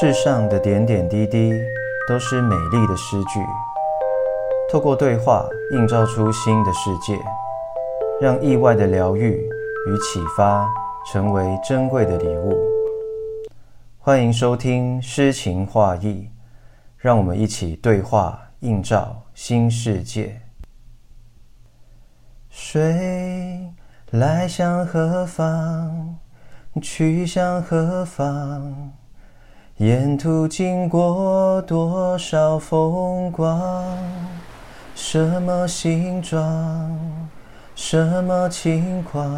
世上的點點滴滴都是美麗的詩句，透過對話映照出新的世界，讓意外的療癒與啟發成為珍貴的禮物。歡迎收聽詩情話意，讓我們一起對話映照新世界。水，來向何方？去向何方？沿途經過多少風光，什麼形狀，什麼情況，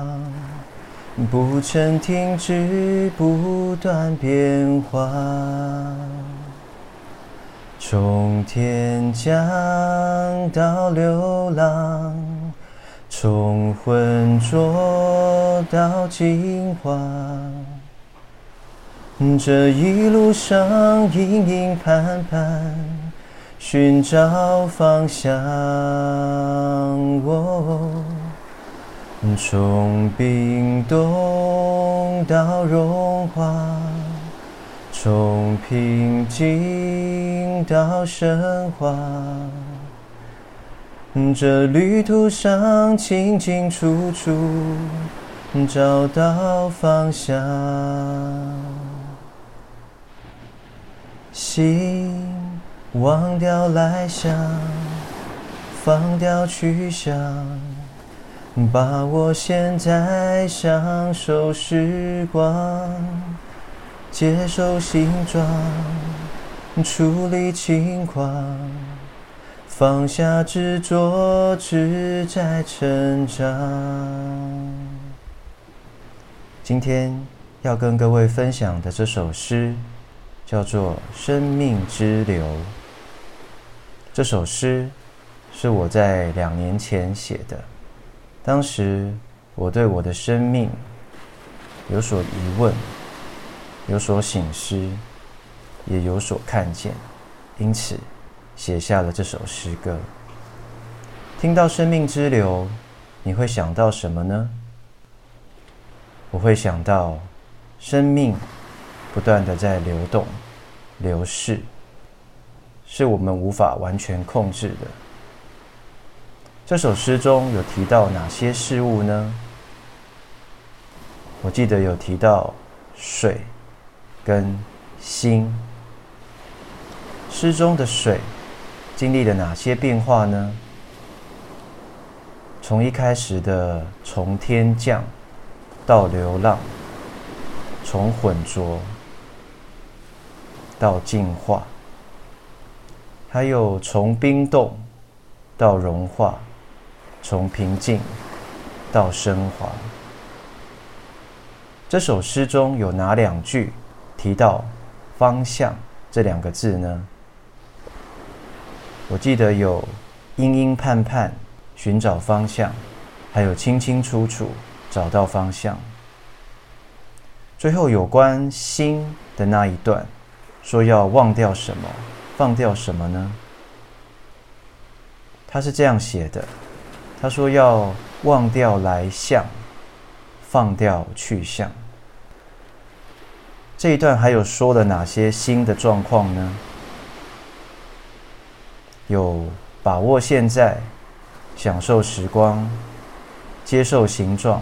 不曾停止，不斷變化。從天降到流浪，從渾濁到淨化。這一路上，殷殷盼盼尋找方向，從、哦哦、冰凍到融化，從平靜到升華。這旅途上，清清楚楚找到方向。心，忘掉來向，放掉去向，把握現在，享受時光，接受形狀，處理情況，放下執着，自在成長。今天要跟各位分享的這首詩。叫做《生命之流》這首詩，是我在兩年前寫的。當時我對我的生命有所疑問，有所省思，也有所看見，因此寫下了這首詩歌。聽到《生命之流》，你會想到什麼呢？我會想到生命。不斷的在流動、流逝，是我們無法完全控制的。這首詩中有提到哪些事物呢？我記得有提到水跟心。詩中的水經歷了哪些變化呢？從一開始的從天降到流浪，從混濁。到淨化，還有從冰凍到融化，從平靜到升華。這首詩中有哪兩句提到“方向”這兩個字呢？我記得有“殷殷盼盼尋找方向”，還有“清清楚楚找到方向”。最後有關心的那一段。說要忘掉什麼，放掉什麼呢？他是這樣寫的，他說要忘掉來向，放掉去向。這一段還有說了哪些新的狀況呢？有把握現在，享受時光，接受形狀，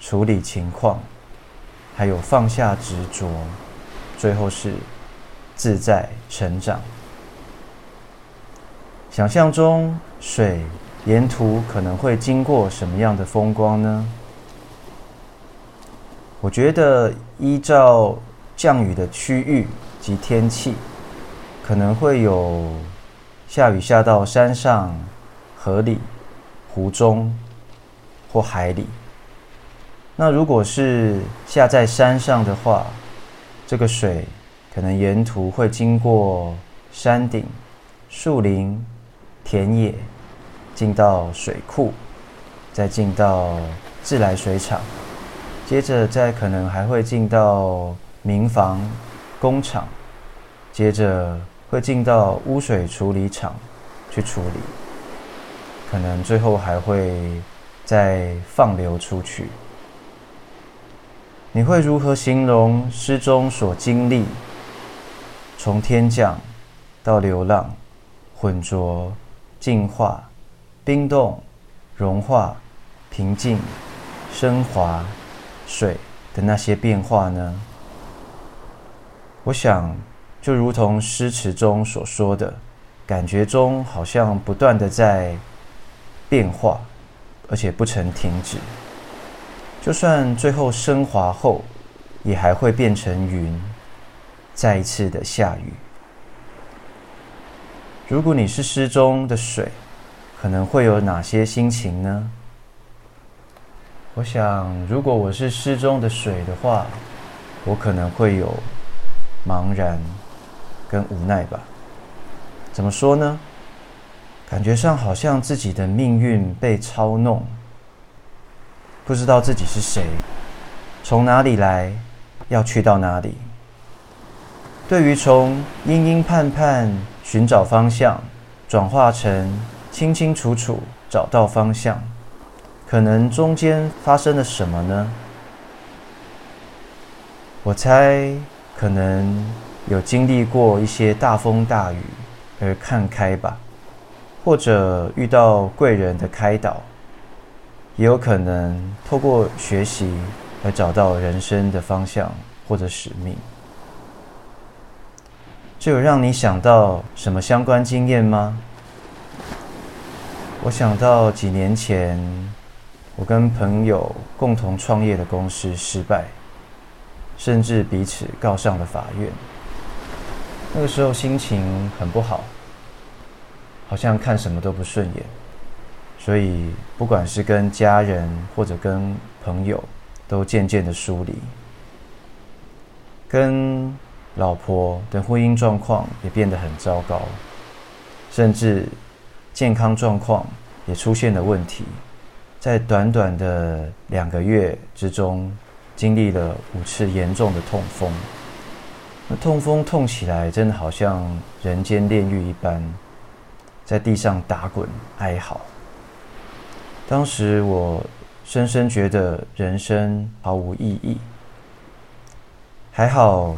處理情況，還有放下執着，最後是。自在成長。想象中，水沿途可能會經過什麼樣的風光呢？我覺得，依照降雨的區域及天氣，可能會有下雨下到山上、河裡、湖中或海裡。那如果是下在山上的話，這個水。可能沿途會經過山頂、樹林、田野，進到水庫，再進到自來水廠，接着再可能還會進到民房、工廠，接着會進到污水處理廠去處理，可能最後還會再放流出去。你會如何形容詩中所經歷？從天降，到流浪，混濁，淨化，冰凍，融化，平靜，昇華，水的那些變化呢？我想，就如同詩詞中所說的，感覺中好像不斷的在變化，而且不曾停止。就算最後昇華後，也還會變成雲。再一次的下雨。如果你是詩中的水，可能會有哪些心情呢？我想，如果我是詩中的水的話，我可能會有茫然跟無奈吧。怎麼說呢？感覺上好像自己的命運被操弄，不知道自己是誰，從哪裡來，要去到哪裡。對於從殷殷盼、盼盼尋找方向，轉化成清清楚楚找到方向，可能中間發生了什麼呢？我猜可能有經歷過一些大風大雨而看開吧，或者遇到貴人的開導，也有可能透過學習而找到人生的方向或者使命。這有讓你想到什麼相關經驗嗎？我想到幾年前，我跟朋友共同創業的公司失敗，甚至彼此告上了法院。那個時候心情很不好，好像看什麼都不順眼，所以不管是跟家人或者跟朋友，都漸漸的疏離。跟。老婆的婚姻狀況也變得很糟糕，甚至健康狀況也出現了問題，在短短的兩個月之中，經歷了五次嚴重的痛風。那痛風痛起來真的好像人間煉獄一般，在地上打滾哀嚎。當時我深深覺得人生毫無意義，還好，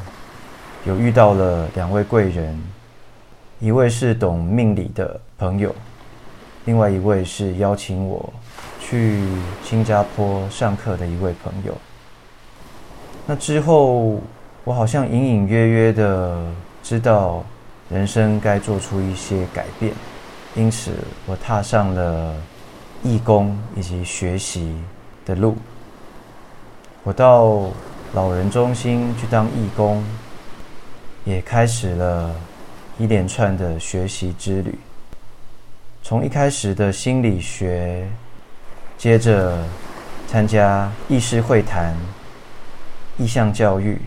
有遇到了兩位貴人，一位是懂命理的朋友，另外一位是邀請我去新加坡上課的一位朋友。那之後，我好像隱隱約約的知道人生該做出一些改變，因此我踏上了義工以及學習的路。我到老人中心去當義工。也開始了一連串的學習之旅，從一開始的心理學，接着參加意識會談、意象教育、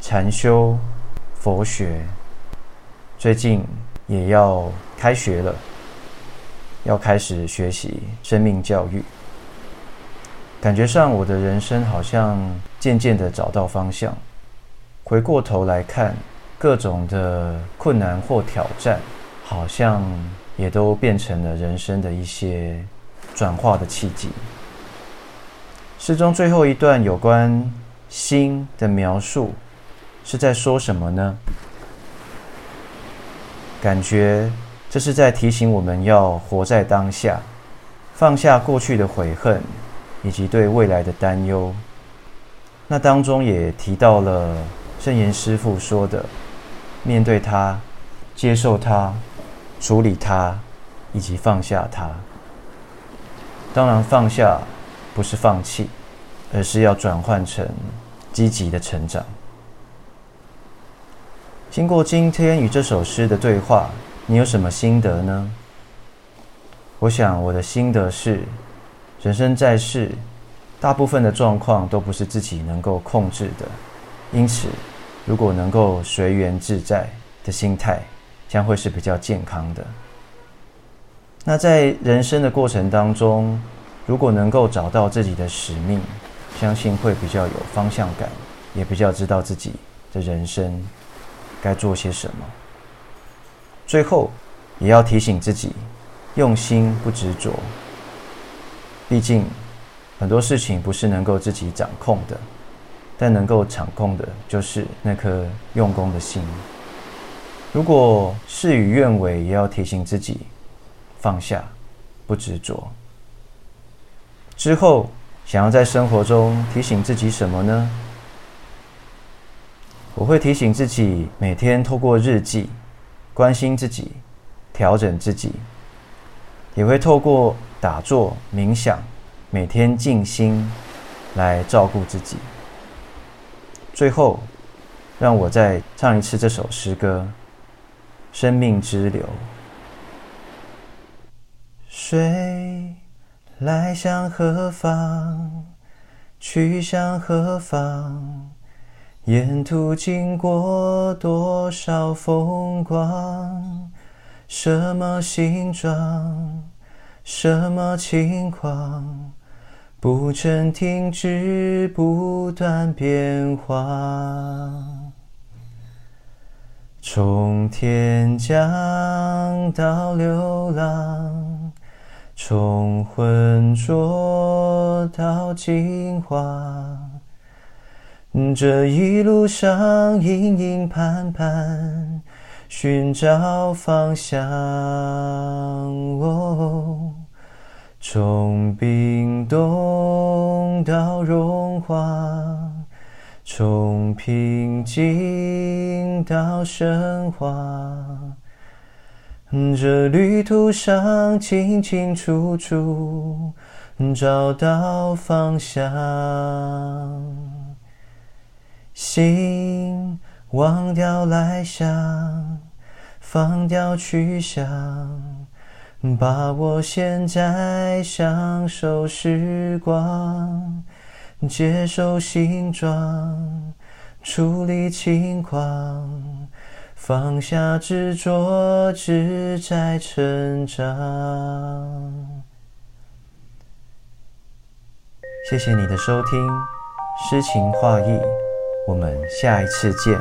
禪修、佛學，最近也要開學了，要開始學習生命教育。感覺上，我的人生好像漸漸的找到方向，回過頭來看。各種的困難或挑戰，好像也都變成了人生的一些轉化的契機。詩中最後一段有關心的描述，是在說什麼呢？感覺這是在提醒我們要活在當下，放下過去的悔恨以及對未來的擔憂。那當中也提到了聖嚴師父說的。面對它，接受它，處理它，以及放下它。當然，放下不是放棄，而是要轉換成積極的成長。經過今天與這首詩的對話，你有什麼心得呢？我想我的心得是：人生在世，大部分的狀況都不是自己能夠控制的，因此，如果能夠隨緣自在的心態，將會是比較健康的。那在人生的過程當中，如果能夠找到自己的使命，相信會比較有方向感，也比較知道自己的人生該做些什麼。最後，也要提醒自己，用心不執着。畢竟很多事情不是能夠自己掌控的。但能夠掌控的，就是那顆用功的心。如果事與願違，也要提醒自己放下，不執着。之後想要在生活中提醒自己什麼呢？我會提醒自己每天透過日記關心自己，調整自己，也會透過打坐冥想，每天靜心來照顧自己。最後，讓我再唱一次這首詩歌《生命之流》。水來向何方？去向何方？沿途經過多少風光？什麼形狀？什麼情況？不曾停止，不斷變化，從天降到流浪，從混濁到淨化。這一路上，殷殷盼盼尋找方向。Oh. 從冰凍到融化，從平靜到昇華，這旅途上，清清楚楚找到方向。心，忘掉來向，放掉去向。把握現在，享受時光，接受形狀，處理情況，放下執着，自在成長。謝謝你的收聽，詩情話意，我們下一次見。